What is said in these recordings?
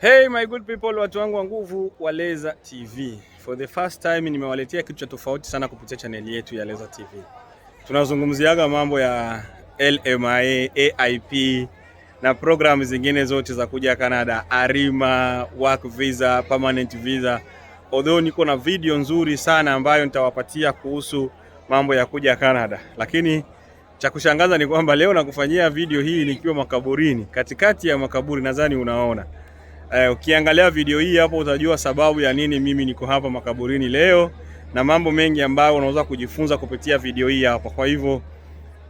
Hey my good people, watu wangu wa nguvu wa Leza TV. For the first time nimewaletea kitu cha tofauti sana kupitia chaneli yetu ya Leza TV. Tunazungumziaga mambo ya LMIA, AIP na programu zingine zote za kuja Canada, Arima, work visa, permanent visa. Although niko na video nzuri sana ambayo nitawapatia kuhusu mambo ya kuja Canada, lakini cha kushangaza ni kwamba leo nakufanyia video hii nikiwa makaburini, katikati ya makaburi, nadhani unaona Eh, ukiangalia video hii hapo utajua sababu ya nini mimi niko hapa makaburini leo na mambo mengi ambayo unaweza kujifunza kupitia video hii hapa. Kwa hivyo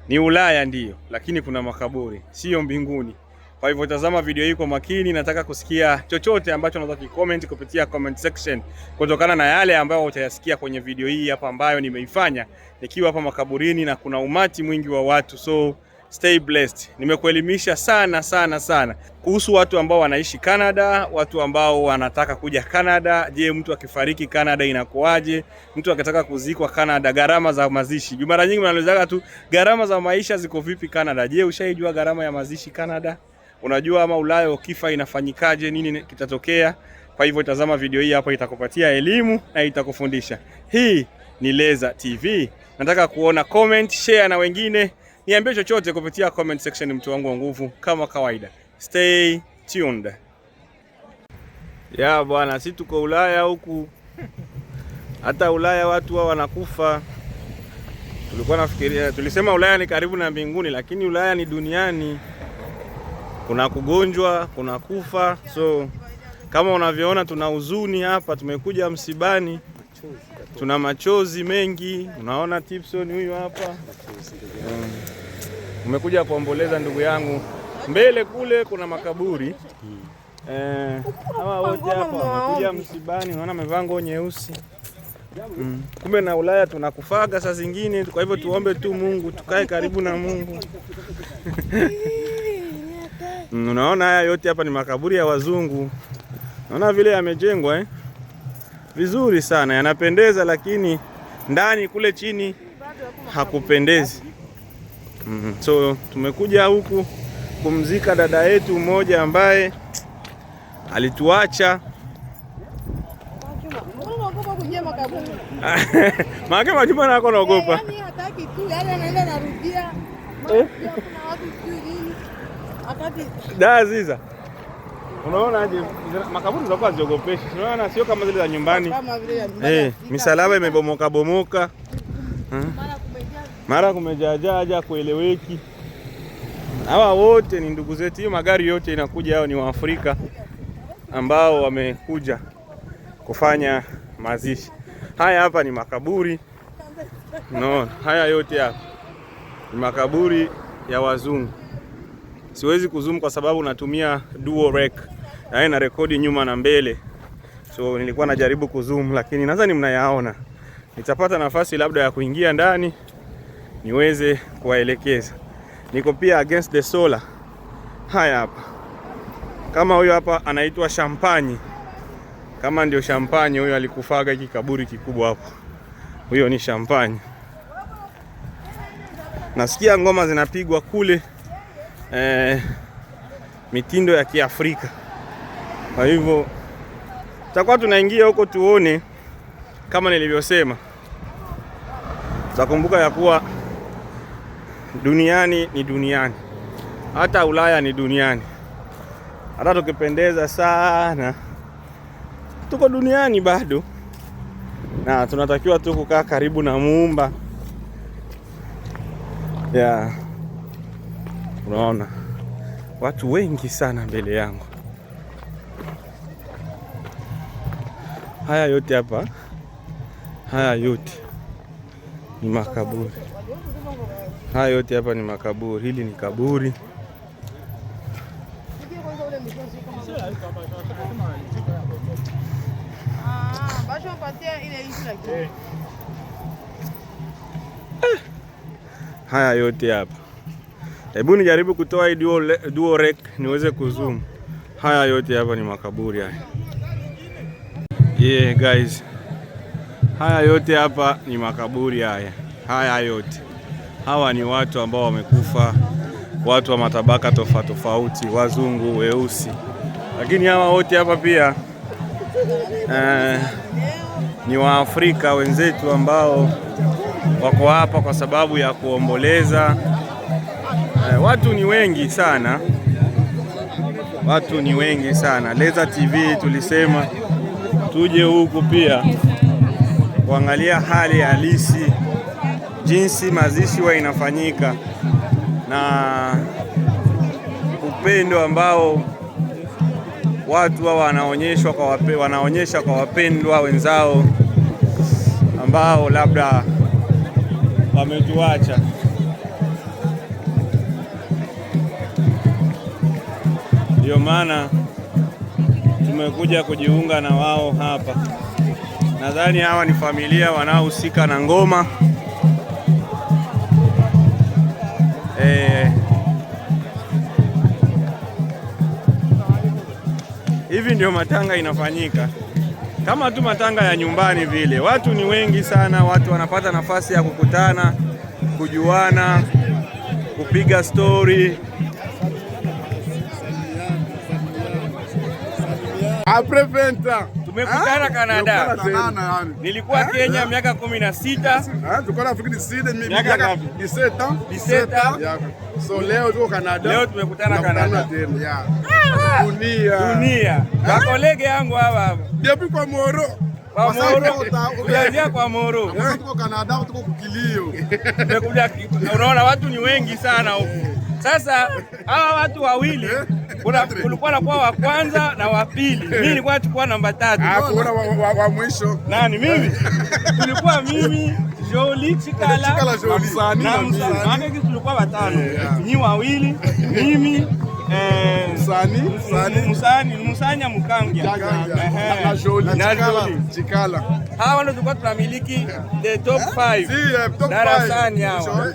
ni Ulaya ndiyo, lakini kuna makaburi, sio mbinguni. Kwa hivyo tazama video hii kwa makini, nataka kusikia chochote ambacho unaweza kucomment kupitia comment section kutokana na yale ambayo utayasikia kwenye video hii hapa ambayo nimeifanya nikiwa hapa makaburini na kuna umati mwingi wa watu so stay blessed. Nimekuelimisha sana sana sana kuhusu watu ambao wanaishi Canada, watu ambao wanataka kuja Canada. Je, mtu akifariki Canada inakuwaje? Mtu akitaka kuzikwa Canada, gharama za mazishi. Juu mara nyingi mnaulizaga tu gharama za maisha ziko vipi Canada. Je, ushaijua gharama ya mazishi Canada? Unajua ama Ulaya ukifa inafanyikaje, nini kitatokea? Kwa hivyo tazama video hii hapa, itakupatia elimu na itakufundisha. Hii ni Leza TV. Nataka kuona comment, share na wengine Niambie chochote kupitia comment section, mtu wangu wa nguvu, kama kawaida. Stay tuned. Ya bwana, si tuko Ulaya huku, hata Ulaya watu wao wanakufa. Tulikuwa nafikiria, tulisema Ulaya ni karibu na mbinguni, lakini Ulaya ni duniani. Kuna kugonjwa, kuna kufa. So kama unavyoona, tuna huzuni hapa, tumekuja msibani, tuna machozi mengi. Unaona Tipson huyu hapa hmm umekuja kuomboleza ndugu yangu. Mbele kule kuna makaburi eh, hawa msibani, unaona amevaa nguo nyeusi mm. Kumbe na Ulaya tunakufaga saa zingine, kwa hivyo tuombe tu Mungu, tukae karibu na Mungu mm, Unaona, haya yote hapa ni makaburi ya wazungu. Unaona vile yamejengwa eh? Vizuri sana yanapendeza, lakini ndani kule chini hakupendezi. -hmm. So tumekuja huku kumzika dada yetu mmoja ambaye alituacha maake majumba nako naogopa da ziza Unaona aje makaburi zinakuwa ziogopeshi. Unaona sio kama zile za nyumbani. Eh, misalaba imebomoka bomoka. Mara mara kumejajaja kueleweki. Hawa wote ni ndugu zetu, hiyo magari yote inakuja, hao ni Waafrika ambao wamekuja kufanya mazishi. Haya hapa ni makaburi no, haya yote hapa ni makaburi ya wazungu. Siwezi kuzoom kwa sababu natumia dual rec, yaani na rekodi nyuma na mbele, so nilikuwa najaribu kuzoom, lakini nadhani mnayaona. Nitapata nafasi labda ya kuingia ndani niweze kuwaelekeza. Niko pia against the solar. Haya hapa kama huyo hapa anaitwa Champagne, kama ndio Champagne huyo alikufaga hiki kaburi kikubwa hapo, huyo ni Champagne. Nasikia ngoma zinapigwa kule eh, mitindo ya Kiafrika. Kwa hivyo tutakuwa tunaingia huko tuone, kama nilivyosema, tutakumbuka ya kuwa duniani ni duniani, hata Ulaya ni duniani, hata tukipendeza sana tuko duniani bado, na tunatakiwa tu kukaa karibu na muumba ya yeah. Unaona watu wengi sana mbele yangu, haya yote hapa, haya yote ni makaburi haya yote hapa ni makaburi. Hili ni kaburi haya yote hapa. Hebu nijaribu kutoa hii duo rec niweze kuzoom. Haya yote hapa ni makaburi haya. Yeah guys. Haya yote hapa ni makaburi haya, haya yote hawa ni watu ambao wamekufa, watu wa matabaka tofauti tofauti, wazungu, weusi, lakini hawa wote hapa pia eh, ni Waafrika wenzetu ambao wako hapa kwa sababu ya kuomboleza. Eh, watu ni wengi sana, watu ni wengi sana. Leza TV tulisema tuje huku pia kuangalia hali halisi jinsi mazishi huwa inafanyika na upendo ambao watu wa wanaonyeshwa kwa wape, wanaonyesha kwa wapendwa wenzao ambao labda wametuacha. Ndio maana tumekuja kujiunga na wao hapa. Nadhani hawa ni familia wanaohusika na ngoma eh. Hivi ndio matanga inafanyika kama tu matanga ya nyumbani vile. Watu ni wengi sana, watu wanapata nafasi ya kukutana, kujuana, kupiga stori. Après 20 ans Umekutana Kanada. Ah, Nilikuwa eh? Kenya miaka kumi eh, na sita. So leo tuko Kanada. Leo tumekutana Kanada. Ah! Dunia. Dunia. Eh? Wakolege yangu hawa hapa. Depuis kwa Moro. Kwa Moro. Kuanzia kwa Moro. Tuko Kanada, tuko kukilio. Unaona watu ni wengi sana huko. Sasa hawa watu wawili kulikuwa na kwa wa kwanza na wa pili, mimi nilikuwa tukua namba tatu. Ah, kuna wa, wa, wa mwisho nani? Mimi tulikuwa mimi Joli Chikala na msanii tulikuwa watano, ni wawili mimi eh, Musanya Chikala, hawa ndo tulikuwa tunamiliki the top 5 eh? eh, darasani hawa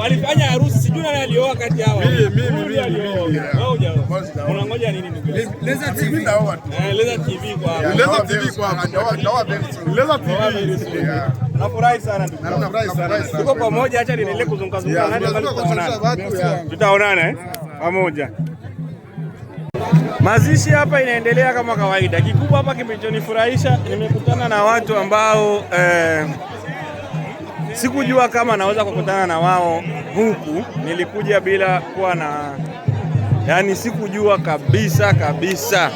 walifanya harusi, sijui nani alioa kati yao. Mimi mimi alioa, unangoja nini? Leza TV eh, kwa Leza TV kwa Leza TV. Nafurahi sana ndugu. Nafurahi sana. tuko pamoja, acha niendelee kuzunguka zunguka, tutaonana eh? pamoja. Mazishi hapa inaendelea kama kawaida. Kikubwa hapa kimechonifurahisha, nimekutana na watu ambao eh, Sikujua kama naweza kukutana na wao huku, nilikuja bila kuwa na yani sikujua kabisa kabisa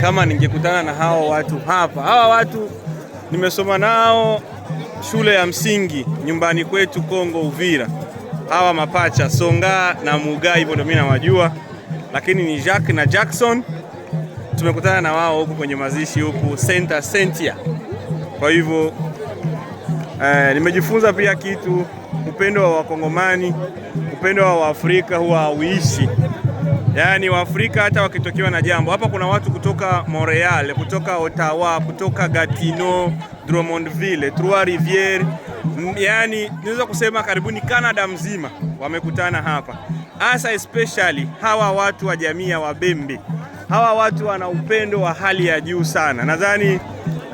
kama ningekutana na hao watu hapa. Hawa watu nimesoma nao shule ya msingi nyumbani kwetu Kongo, Uvira. Hawa mapacha Songa na Muga, hivyo ndio mimi nawajua, lakini ni Jacques na Jackson tumekutana na wao huku kwenye mazishi huku Center Sentia, kwa hivyo Eh, nimejifunza pia kitu, upendo wa Wakongomani, upendo wa Waafrika huwa hauishi. Yaani Waafrika hata wakitokewa na jambo hapa, kuna watu kutoka Montreal, kutoka Ottawa, kutoka Gatineau, Drummondville, Trois Rivières, yaani niweza kusema karibuni Canada mzima wamekutana hapa, hasa especially hawa watu wa jamii ya Wabembe. Hawa watu wana upendo wa hali ya juu sana, nadhani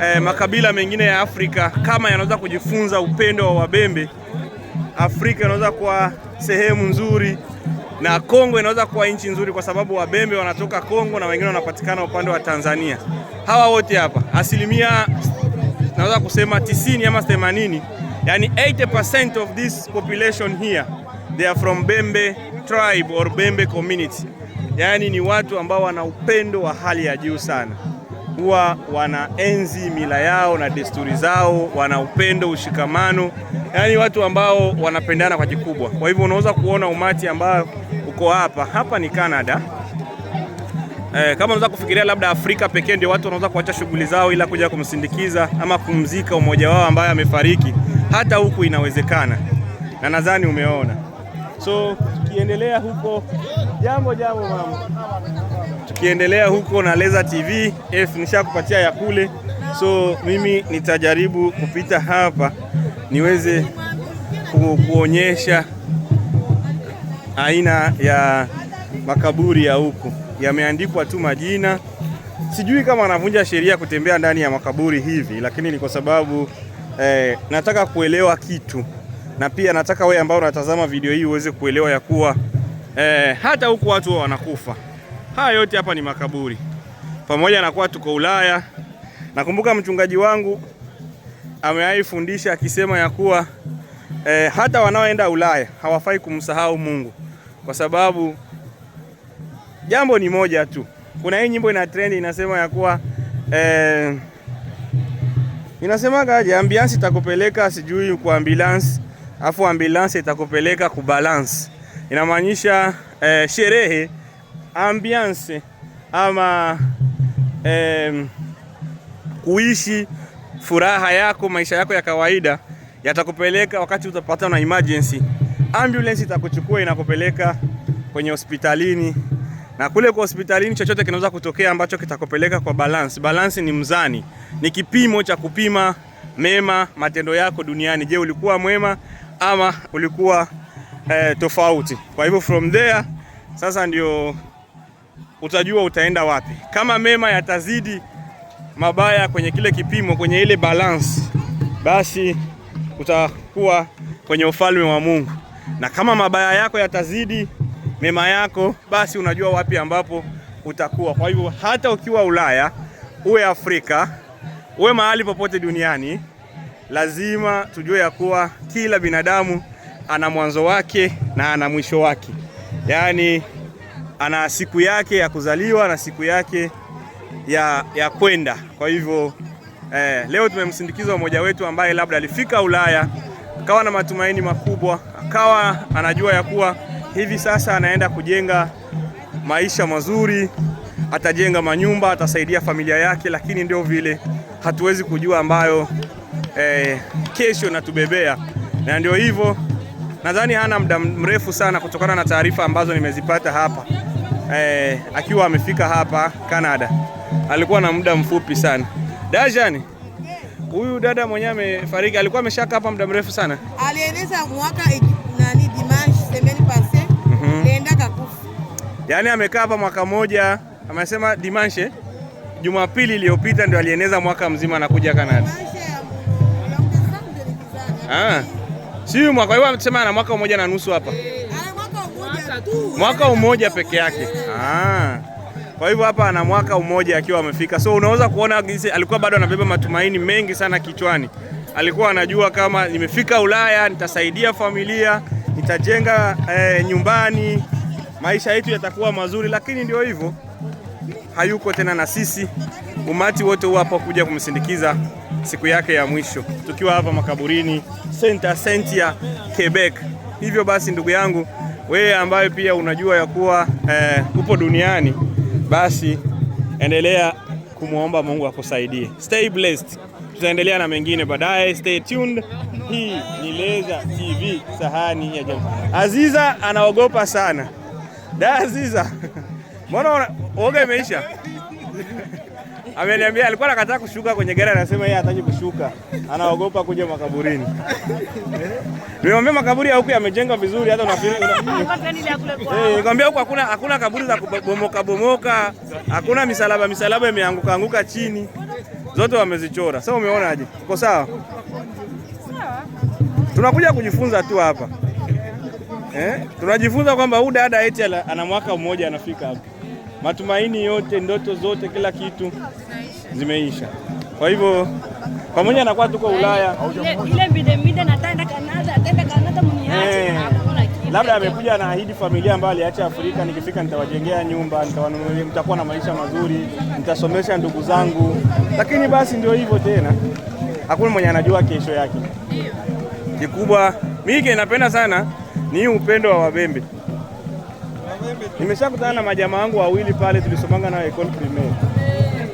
eh, makabila mengine ya Afrika kama yanaweza kujifunza upendo wa Wabembe, Afrika inaweza kuwa sehemu nzuri na Kongo inaweza kuwa nchi nzuri, kwa sababu Wabembe wanatoka Kongo na wengine wanapatikana upande wa Tanzania. Hawa wote hapa asilimia naweza kusema 90 ama 80, yani 80% of this population here they are from Bembe tribe or Bembe community, yani ni watu ambao wana upendo wa hali ya juu sana huwa wanaenzi mila yao na desturi zao, wana upendo, ushikamano, yaani watu ambao wanapendana kwa kikubwa. Kwa hivyo unaweza kuona umati ambao uko hapa hapa ni Canada. Eh, kama unaweza kufikiria labda Afrika pekee ndio watu wanaweza kuacha shughuli zao ila kuja kumsindikiza ama kumzika umoja wao ambaye amefariki, hata huku inawezekana, na nadhani umeona. So tukiendelea huko, jambo jambo mama ukiendelea huko na Leza TV F, nishakupatia ya kule, so mimi nitajaribu kupita hapa niweze kuonyesha aina ya makaburi ya huku. Yameandikwa tu majina, sijui kama anavunja sheria kutembea ndani ya makaburi hivi, lakini ni kwa sababu eh, nataka kuelewa kitu, na pia nataka wewe ambao unatazama video hii uweze kuelewa ya kuwa eh, hata huku watu wanakufa. Haya yote hapa ni makaburi, pamoja na kuwa tuko Ulaya. Nakumbuka mchungaji wangu amewaifundisha akisema ya kuwa eh, hata wanaoenda Ulaya hawafai kumsahau Mungu kwa sababu jambo ni moja tu. Kuna hii nyimbo ina trend inasema ya kuwa eh, inasemaje? Ambulance itakupeleka sijui kwa ambulance, afu ambulance itakupeleka kubalance. Inamaanisha eh, sherehe ambiance ama eh, kuishi furaha yako maisha yako ya kawaida yatakupeleka wakati utapata na emergency, ambulance itakuchukua inakupeleka kwenye hospitalini, na kule kwa hospitalini chochote kinaweza kutokea ambacho kitakupeleka kwa balance. Balance ni mzani, ni kipimo cha kupima mema matendo yako duniani. Je, ulikuwa mwema ama ulikuwa eh, tofauti? Kwa hivyo from there sasa ndio utajua utaenda wapi. Kama mema yatazidi mabaya kwenye kile kipimo, kwenye ile balance, basi utakuwa kwenye ufalme wa Mungu, na kama mabaya yako yatazidi mema yako, basi unajua wapi ambapo utakuwa. Kwa hivyo hata ukiwa Ulaya, uwe Afrika, uwe mahali popote duniani, lazima tujue ya kuwa kila binadamu ana mwanzo wake na ana mwisho wake, yaani ana siku yake ya kuzaliwa na siku yake ya, ya kwenda. Kwa hivyo eh, leo tumemsindikiza mmoja wetu ambaye labda alifika Ulaya akawa na matumaini makubwa, akawa anajua ya kuwa hivi sasa anaenda kujenga maisha mazuri, atajenga manyumba, atasaidia familia yake, lakini ndio vile hatuwezi kujua ambayo eh, kesho natubebea, na ndio hivyo. Nadhani hana muda mrefu sana, kutokana na taarifa ambazo nimezipata hapa eh, akiwa amefika hapa Canada alikuwa na muda mfupi sana. Dajani, huyu dada mwenyewe amefariki, alikuwa ameshaka hapa muda mrefu sana. Alieleza mwaka nani dimanche semaine -hmm. nenda kakufa. Yaani amekaa hapa mwaka moja, amesema dimanche Jumapili iliyopita ndio alieneza mwaka mzima kuja Canada. Ah. Si mwaka, yeye amesema ana mwaka mmoja na nusu hapa mwaka umoja peke yake. Ah. Kwa hivyo hapa ana mwaka umoja akiwa amefika, so unaweza kuona jinsi alikuwa bado anabeba matumaini mengi sana kichwani. Alikuwa anajua kama nimefika Ulaya nitasaidia familia, nitajenga eh, nyumbani, maisha yetu yatakuwa mazuri, lakini ndio hivyo, hayuko tena na sisi. Umati wote huu hapa kuja kumsindikiza siku yake ya mwisho, tukiwa hapa makaburini Saint Sentia, Quebec. Hivyo basi ndugu yangu wewe ambaye pia unajua ya kuwa eh, upo duniani, basi endelea kumwomba Mungu akusaidie. Stay blessed. Tutaendelea na mengine baadaye, stay tuned. Hii ni Leza TV, sahani ya jamii. Aziza anaogopa sana da, Aziza mbona uoga imeisha? ameniambia alikuwa anakataa kushuka kwenye gari, anasema yeye hataki kushuka, anaogopa kuja makaburini. Nimwambia makaburi ya huku yamejenga vizuri, hata ah, nikwambia eh, huku hakuna hakuna kaburi za kubomoka bomoka, hakuna misalaba misalaba imeanguka anguka chini, zote wamezichora. Sasa umeonaje? Uko sawa? Tunakuja kujifunza tu hapa eh? Tunajifunza kwamba huyu dada eti ana mwaka mmoja anafika hapa matumaini yote, ndoto zote, kila kitu zimeisha. Kwa hivyo pamoja anakuwa tuko Ulaya, eh, labda amekuja na ahidi familia ambayo aliacha Afrika, nikifika nitawajengea nyumba, nitawanunulia, mtakuwa na maisha mazuri, nitasomesha ndugu zangu. Lakini basi ndio hivyo tena, hakuna mwenye anajua kesho yake. Kikubwa mimi napenda sana ni upendo wa Wabembe. Nimeshakutana na majamaa wangu wawili pale, tulisomanga na Ecole Primaire,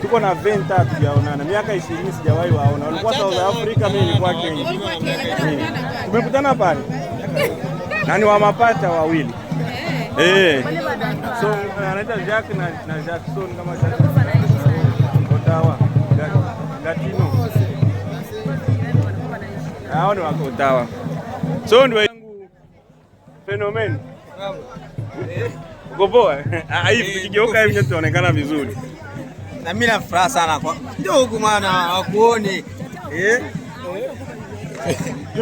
tuko na 20 hatujaonana miaka 20, sijawahi waona. Walikuwa South Africa, mimi nilikuwa Kenya, tumekutana pale na ni wamapata wawili eh, eh. so uh, anaita Jack na na Jackson kama Otawa Gatino, hao ni wako Otawa, so ndio yangu fenomeni Kukomboa ah, hivi tukigeuka hivi tutaonekana vizuri. Na mimi na furaha sana kwa ndugu maana wakuone. Eh?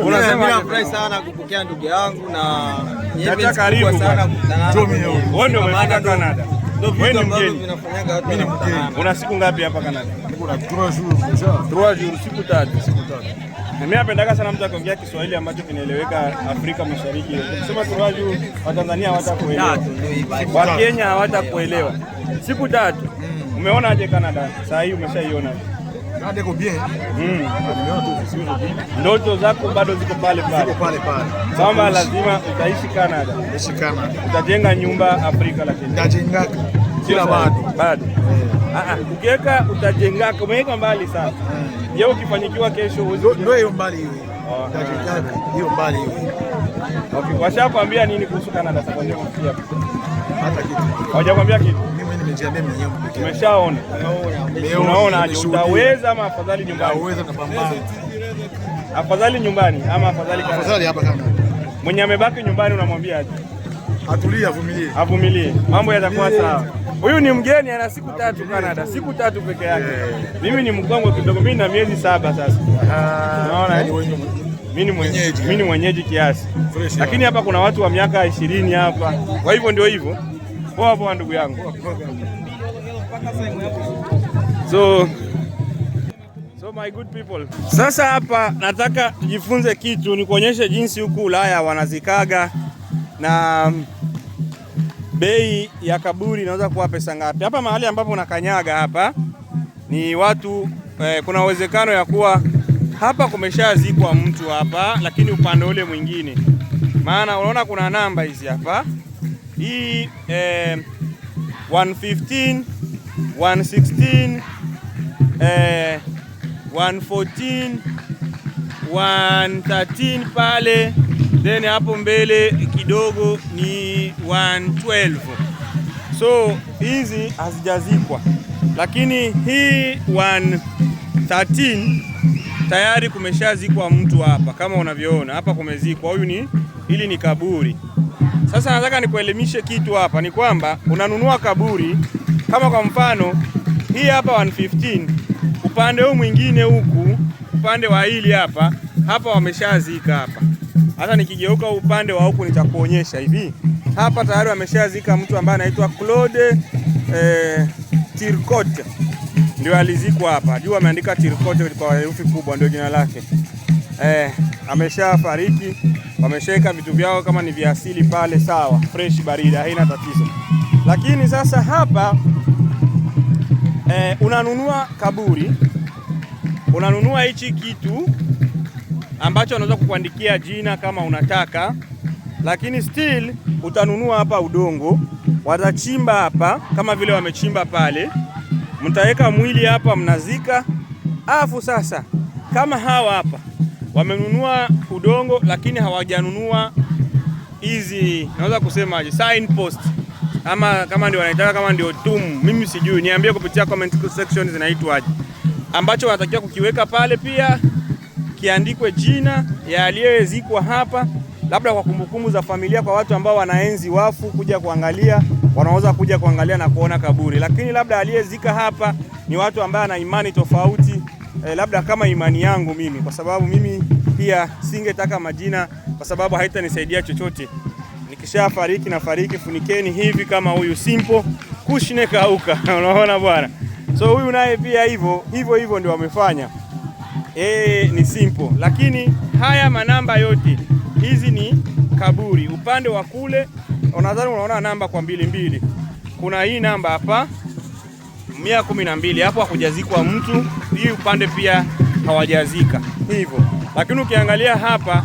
Unasema mimi nafurahi sana kupokea ndugu yangu na Tata karibu sana wewe ndio umefika Canada. Wewe ni mgeni. Mimi mgeni. Una siku ngapi hapa Canada? Niko na 3 jours. 3 jours siku tatu, siku tatu. Mimi napendaga sana mtu akiongea Kiswahili ambacho kinaeleweka Afrika Mashariki. Kusema Kiswahili Watanzania hawatakuelewa. Wakenya hawatakuelewa. Siku tatu. Umeona aje Canada? Saa hii umeshaiona. Mm. Ndoto zako bado ziko pale pale pale pale. Kama lazima utaishi Canada. Canada. Utajenga nyumba Afrika lakini. Utajengaka. Kila bado. Eh. Ah ah, ukiweka utajengaka, umeweka mbali sana. Je, ukifanikiwa kesho ndio hiyo mbali hiyo. Ah. Hiyo mbali hiyo. Okay, washakwambia nini kuhusu Canada sasa ndio kufikia? Hata kitu. Hawajakwambia kitu. Mimi nimejiambia mimi mwenyewe. Umeshaona. Unaona aje utaweza ama afadhali nyumbani? Utaweza kupambana. Afadhali nyumbani ama afadhali Canada? Afadhali hapa Canada. Mwenye amebaki nyumbani unamwambia aje? Atulie, avumilie. Avumilie. Mambo yatakuwa sawa. Huyu ni mgeni, ana siku tatu Canada, siku tatu peke yake. Mimi ni mkongwe kidogo, mimi na miezi saba sasa. Unaona, mimi ni mwenyeji kiasi, lakini hapa kuna watu wa miaka ishirini hapa, kwa hivyo ndio hivyo. Poa poa, ndugu yangu. So, so my good people, sasa hapa nataka jifunze kitu, nikuonyeshe jinsi huku Ulaya wanazikaga na bei ya kaburi inaweza kuwa pesa ngapi? Hapa mahali ambapo unakanyaga hapa ni watu eh, kuna uwezekano ya kuwa hapa kumeshazikwa mtu hapa, lakini upande ule mwingine, maana unaona kuna namba hizi hapa hii eh, 115 116 eh, 114 113 pale then hapo mbele kidogo ni 112. So hizi hazijazikwa, lakini hii 113 tayari kumeshazikwa mtu hapa, kama unavyoona hapa kumezikwa. Huyu ni hili ni kaburi. Sasa nataka nikuelimishe kitu hapa, ni kwamba unanunua kaburi kama kwa mfano hii hapa 115, upande huu mwingine huku upande wa hili hapa hapa wameshazika hapa hata nikigeuka upande wa huku nitakuonyesha hivi. Hapa tayari wameshazika mtu ambaye anaitwa Claude eh, Tircote ndio alizikwa hapa juu, ameandika Tircote kwa herufi kubwa, ndio jina lake eh, ameshafariki. Wameshaweka vitu vyao kama ni vya asili pale, sawa, fresh, barida, haina tatizo. Lakini sasa hapa eh, unanunua kaburi, unanunua hichi kitu ambacho unaweza kukuandikia jina kama unataka, lakini still utanunua hapa udongo, watachimba hapa kama vile wamechimba pale, mtaweka mwili hapa, mnazika. Alafu sasa kama hawa hapa wamenunua udongo, lakini hawajanunua hizi, naweza kusema signpost ama kama ndio wanaitaka kama ndio tum, mimi sijui, niambie kupitia comment section zinaitwaje, ambacho wanatakiwa kukiweka pale pia kiandikwe jina ya aliyezikwa hapa, labda kwa kumbukumbu za familia, kwa watu ambao wanaenzi wafu kuja kuangalia, wanaweza kuja kuangalia na kuona kaburi. Lakini labda aliyezika hapa ni watu ambao ana imani tofauti, eh, labda kama imani yangu mimi, kwa sababu mimi pia singetaka majina, kwa sababu haitanisaidia chochote. Nikisha fariki na fariki, funikeni hivi kama huyu Simple Kushne kauka unaona bwana, so huyu naye pia hivyo hivyo hivyo ndio wamefanya eh, ni simple, lakini haya manamba yote hizi ni kaburi. Upande wa kule unadhani unaona namba kwa mbili mbili, kuna hii namba hapa mia kumi na mbili hapo hakujazikwa mtu, hii upande pia hawajazika hivyo. Lakini ukiangalia hapa,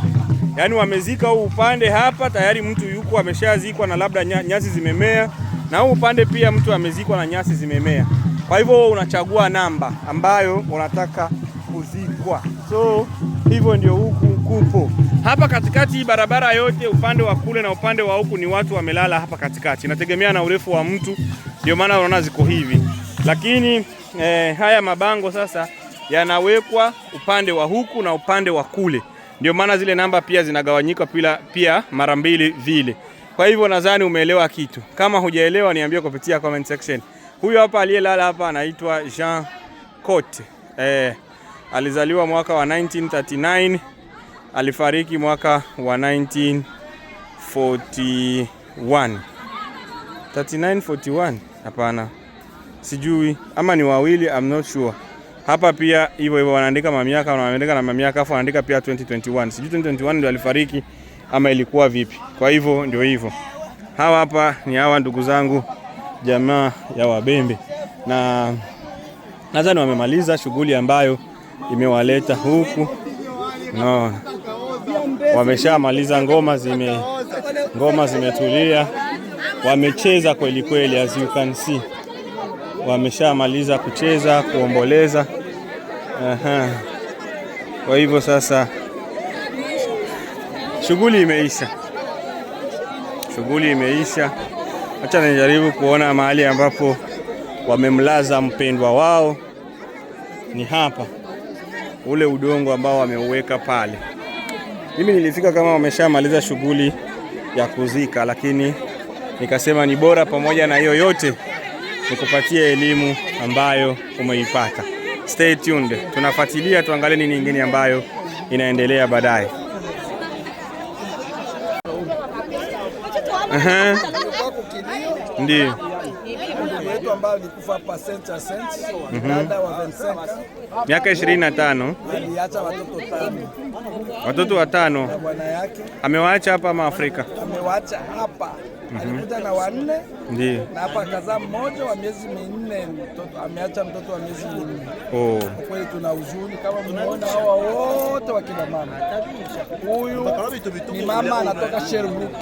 yani wamezika huu upande hapa tayari mtu yuko ameshazikwa na labda nyasi zimemea, na huu upande pia mtu amezikwa na nyasi zimemea. Kwa hivyo unachagua namba ambayo unataka kuzi kubwa. So hivyo ndio huku kupo hapa katikati, barabara yote upande wa kule na upande wa huku ni watu wamelala hapa katikati, inategemea na urefu wa mtu, ndio maana unaona ziko hivi. Lakini eh, haya mabango sasa yanawekwa upande wa huku na upande wa kule, ndio maana zile namba pia zinagawanyika pia, pia mara mbili vile. Kwa hivyo nadhani umeelewa kitu. Kama hujaelewa, niambie kupitia comment section. Huyu hapa aliyelala hapa anaitwa Jean Cote eh, Alizaliwa mwaka wa 1939, alifariki mwaka wa 1941. 3941? Hapana, sijui ama ni wawili, I'm not sure. Hapa pia hivyo hivyo wanaandika mamiaka, wanaandika na mamiaka, afu wanaandika pia 2021. Sijui 2021 ndio alifariki ama ilikuwa vipi? Kwa hivyo ndio hivyo. Hawa hapa ni hawa ndugu zangu jamaa ya Wabembe, na nadhani wamemaliza shughuli ambayo imewaleta huku no. Wameshamaliza ngoma zime, ngoma zimetulia, wamecheza kweli kweli, as you can see, wameshamaliza kucheza kuomboleza. Aha. Kwa hivyo sasa shughuli imeisha, shughuli imeisha. Acha nijaribu kuona mahali ambapo wamemlaza mpendwa wao, ni hapa ule udongo ambao wameuweka pale. Mimi nilifika kama wameshamaliza shughuli ya kuzika, lakini nikasema ni bora pamoja na hiyo yote nikupatie elimu ambayo umeipata. Stay tuned, tunafuatilia tuangalie ni nyingine ambayo inaendelea baadaye. Ndio ambayo alikufa hapa Saint Vincent, mhm. dada wa 25 miaka 25, aliacha watoto tano, watoto watano bwana yake amewaacha hapa Maafrika, amewaacha hapa Mhm. alikuja na wanne ndio, na hapa kazaa mmoja wa miezi minne mtoto, ameacha mtoto wa miezi minne. Oh, kwa kweli tuna huzuni kama mnaona hawa wote wakina mama. Huyu ni mama anatoka Sherbrooke.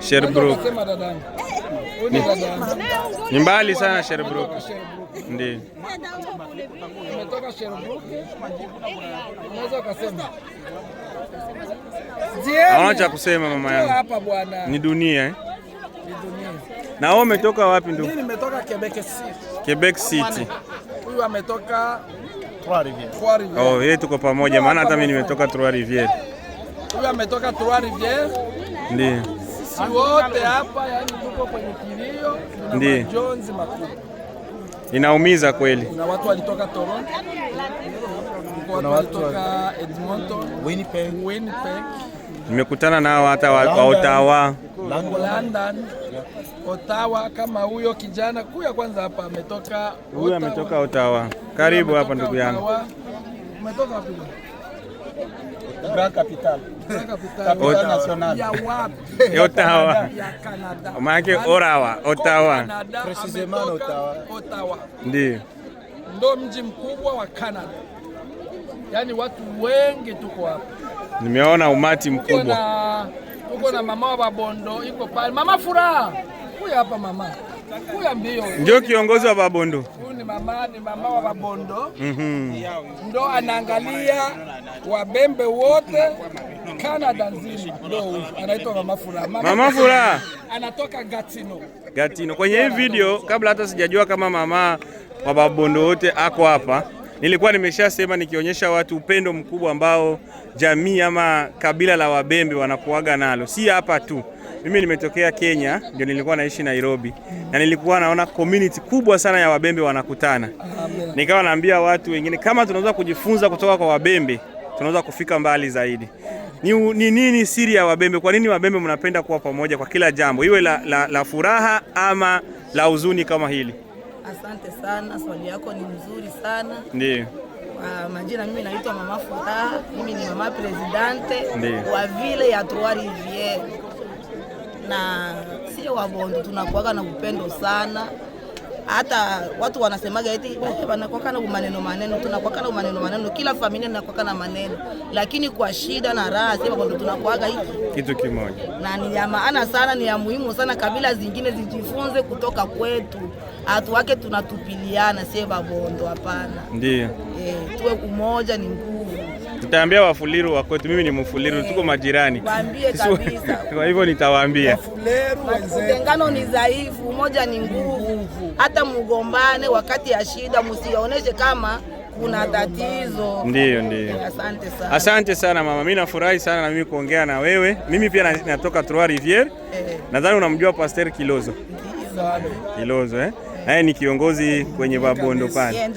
Sherbrooke sema dada, ni, mbali sana Sherbrooke. Ndio, cha kusema mama yangu. Hapa bwana. Ni dunia eh? Na wewe umetoka wapi ndugu? Mimi nimetoka Quebec City. Quebec City. Huyu ametoka Trois Rivières. Trois Rivières. Oh, yeye tuko pamoja maana hata mimi nimetoka Trois Rivières. Huyu ametoka Trois Rivières. Ndiyo. Sisi wote hapa yani tuko kwenye kilio. Ndiyo. Jones makubwa. Inaumiza kweli. Kuna watu walitoka Toronto. Kuna watu walitoka Edmonton. Winnipeg. Winnipeg. Nimekutana nao hata wa Ottawa. London, Ottawa, kama huyo kijana kuya kwanza hapa ametoka huyo, ametoka Ottawa. Karibu hapa ndugu yangu. Umetoka wapi? Maanake Orawa, Ottawa ndio ndo mji mkubwa wa Canada. Yaani watu wengi tuko hapa, nimeona umati mkubwa tuko na mama wa Babondo iko pale, mama Furaha huyu hapa, mama huyu mbio ndio kiongozi wa Babondo. Huyu ni mama, ni mama wa Babondo mm -hmm. Ndo anaangalia wabembe wote Canada nzima, ndo anaitwa mama Furaha. Mama Furaha anatoka Gatino, Gatino. Kwenye hii video, kabla hata sijajua kama mama wa Babondo wote ako hapa Nilikuwa nimeshasema nikionyesha watu upendo mkubwa ambao jamii ama kabila la Wabembe wanakuaga nalo, si hapa tu. Mimi nimetokea Kenya, ndio nilikuwa naishi Nairobi, na nilikuwa naona community kubwa sana ya Wabembe wanakutana. Nikawa naambia watu wengine kama tunaweza kujifunza kutoka kwa Wabembe tunaweza kufika mbali zaidi. Ni, ni nini siri ya Wabembe? Kwa nini Wabembe mnapenda kuwa pamoja kwa kila jambo, iwe la, la, la furaha ama la huzuni kama hili? Asante sana, swali yako ni mzuri sana. Ndio. Uh, majina mimi naitwa Mama Furaha, mimi ni mama presidente wa vile ya Trois Rivières, na sio Wabondo tunakuaga na upendo sana hata watu wanasemaga eti eh, wanakuwa na maneno maneno, tunakuwa na maneno maneno, kila familia inakuwa na maneno, lakini kwa shida na raha sema ndio tunakuaga hiki kitu kimoja, na ni ya maana sana, ni ya muhimu sana, kabila zingine zijifunze kutoka kwetu hatu wake tunatupiliana, sie babondo, hapana. Ndio e, eh, tuwe umoja ni nguvu. Nitaambia Wafuliru wa kwetu, mimi ni Mfuliru e, tuko majirani, waambie kabisa. Kwa hivyo nitawaambia utengano ni dhaifu, umoja ni nguvu. Hata mugombane wakati ya shida, msioneshe kama kuna tatizo. Ndio, ndio. Eh, asante sana, asante sana mama, mi nafurahi sana na mimi kuongea na wewe. Mimi pia natoka Trois Rivières eh. Nadhani unamjua Pasteur Kilozo Kilozo eh? naye yaani ni kiongozi kwenye Babondo pale,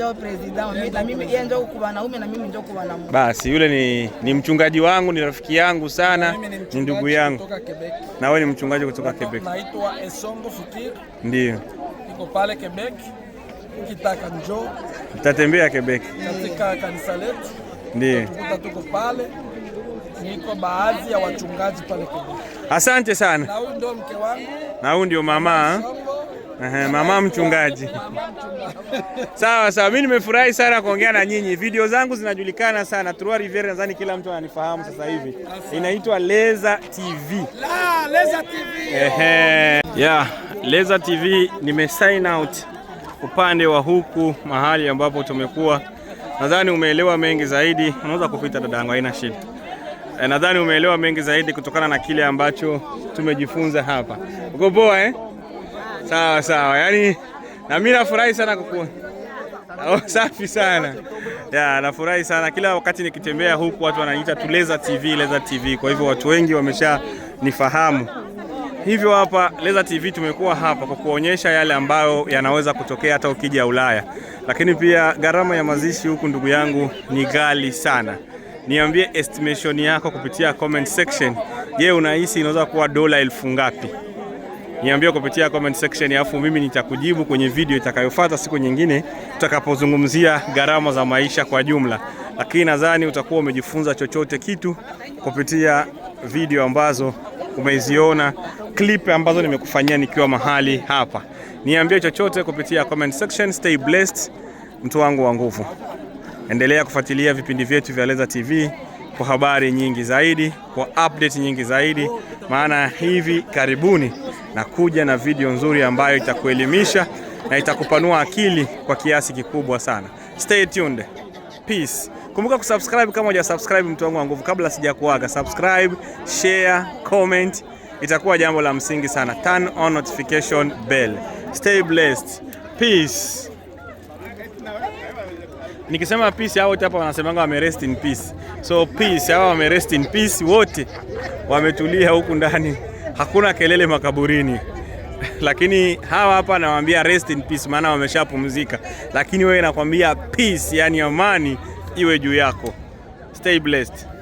basi yule ni, ni mchungaji wangu, ni rafiki yangu sana, ni ndugu yangu. Na wewe ni mchungaji kutoka Quebec? Naitwa Esongo Fikir, ndio niko pale Quebec. Ukitaka njoo, mtatembea Quebec katika kanisa letu, ndio tuko pale niko baadhi ya wachungaji pale Quebec. Asante sana. Na huyu ndio mke wangu, na huyu ndio mama Aha, mama mchungaji sawa sawa, mimi nimefurahi sana kuongea na nyinyi. Video zangu zinajulikana sana Trois Rivières, nadhani kila mtu ananifahamu sasa hivi. Inaitwa Leza TV. La, Leza TV. Ehe. Yeah, Leza TV sign out upande wa huku mahali ambapo tumekuwa. Nadhani umeelewa mengi zaidi, unaweza kupita dadangu, haina shida. Eh, nadhani umeelewa mengi zaidi kutokana na kile ambacho tumejifunza hapa. Uko poa eh? Sawa sawa, yaani na mimi nafurahi sana kukuona. Oh, safi sana ya, nafurahi sana kila wakati nikitembea huku watu wananiita tu Leza TV, Leza TV. Kwa hivyo watu wengi wamesha nifahamu hivyo. Hapa Leza TV tumekuwa hapa kwa kuonyesha yale ambayo yanaweza kutokea hata ukija Ulaya, lakini pia gharama ya mazishi huku, ndugu yangu, ni ghali sana. Niambie estimation yako kupitia comment section. Je, unahisi inaweza kuwa dola elfu ngapi? niambie kupitia comment section, alafu mimi nitakujibu kwenye video itakayofuata siku nyingine tutakapozungumzia gharama za maisha kwa jumla, lakini nadhani utakuwa umejifunza chochote kitu kupitia video ambazo umeziona clip ambazo nimekufanyia nikiwa mahali hapa. Niambie chochote kupitia comment section. Stay blessed, mtu wangu wa nguvu, endelea kufuatilia vipindi vyetu vya Leza TV kwa habari nyingi zaidi, kwa update nyingi zaidi, maana hivi karibuni na kuja na video nzuri ambayo itakuelimisha na itakupanua akili kwa kiasi kikubwa sana. Stay tuned. Peace. Kumbuka kusubscribe kama hujasubscribe, mtu wangu wa nguvu. Kabla sijakuaga, subscribe, share, comment, itakuwa jambo la msingi sana. Turn on notification bell. Stay blessed. Peace. Nikisema peace hao wote hapa wanasemanga wame rest in peace. So peace hao wame rest in peace wote wametulia huku ndani, hakuna kelele makaburini. Lakini hawa hapa nawaambia rest in peace, maana wameshapumzika. Lakini wewe nakwambia peace, yani amani iwe juu yako. Stay blessed.